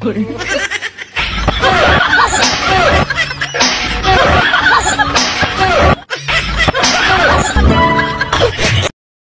popcorn.